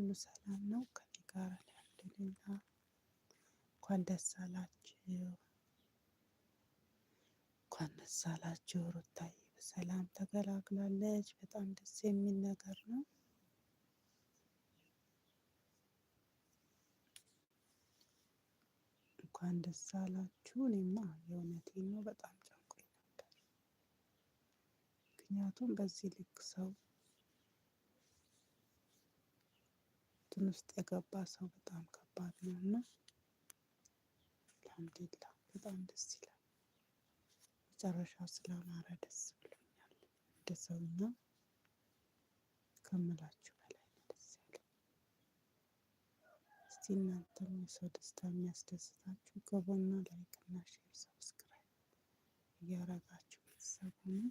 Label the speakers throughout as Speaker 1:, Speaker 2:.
Speaker 1: ሁሉ ሰላም ነው ከኔ ጋር አልሐምዱሊላህ። እንኳን ደስ አላችሁ፣ እንኳን ደስ አላችሁ። ሩታዬ በሰላም ተገላግላለች። በጣም ደስ የሚል ነገር ነው። እንኳን ደስ አላችሁ። እኔማ የእውነቴን ነው በጣም ጨንቆኝ ነበር። ምክንያቱም በዚህ ልክ ሰው እንትን ውስጥ የገባ ሰው በጣም ከባድ ነው እና አልሐምዱሊላ በጣም ደስ ይላል። መጨረሻው ስለማረ ደስ ብሎኛል። እንደ ሰውኛ ከምላችሁ በላይ ደስ ያለ እስቲ እናንተም የሰው ደስታ የሚያስደስታችሁ ከቦና ላይክ እና ሼር ሰብስክራይብ እያረጋችሁ ቤተሰቡን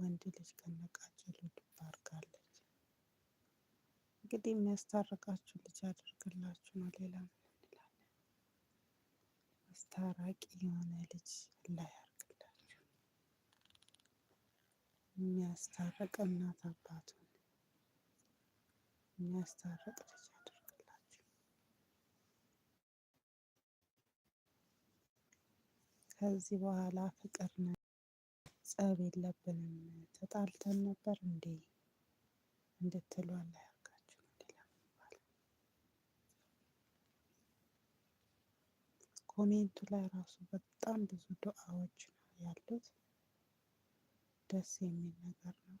Speaker 1: ወንድ ልጅ ከነቃጭሉ ትባርካለች። እንግዲህ የሚያስታርቃችሁ ልጅ አድርግላችሁ ነው። ሌላ ምን እንላለን? አስታራቂ የሆነ ልጅ ላይ ያርግላችሁ። የሚያስታርቅ እናት አባቱን የሚያስታርቅ ልጅ አድርግላችሁ። ከዚህ በኋላ ፍቅር ነው። ጸብ የለብንም ተጣልተን ነበር እንዴ እንድትሉ አለ ያርጋችሁ። ኮሜንቱ ላይ ራሱ በጣም ብዙ ዱዓዎች ነው ያሉት። ደስ የሚል ነገር ነው።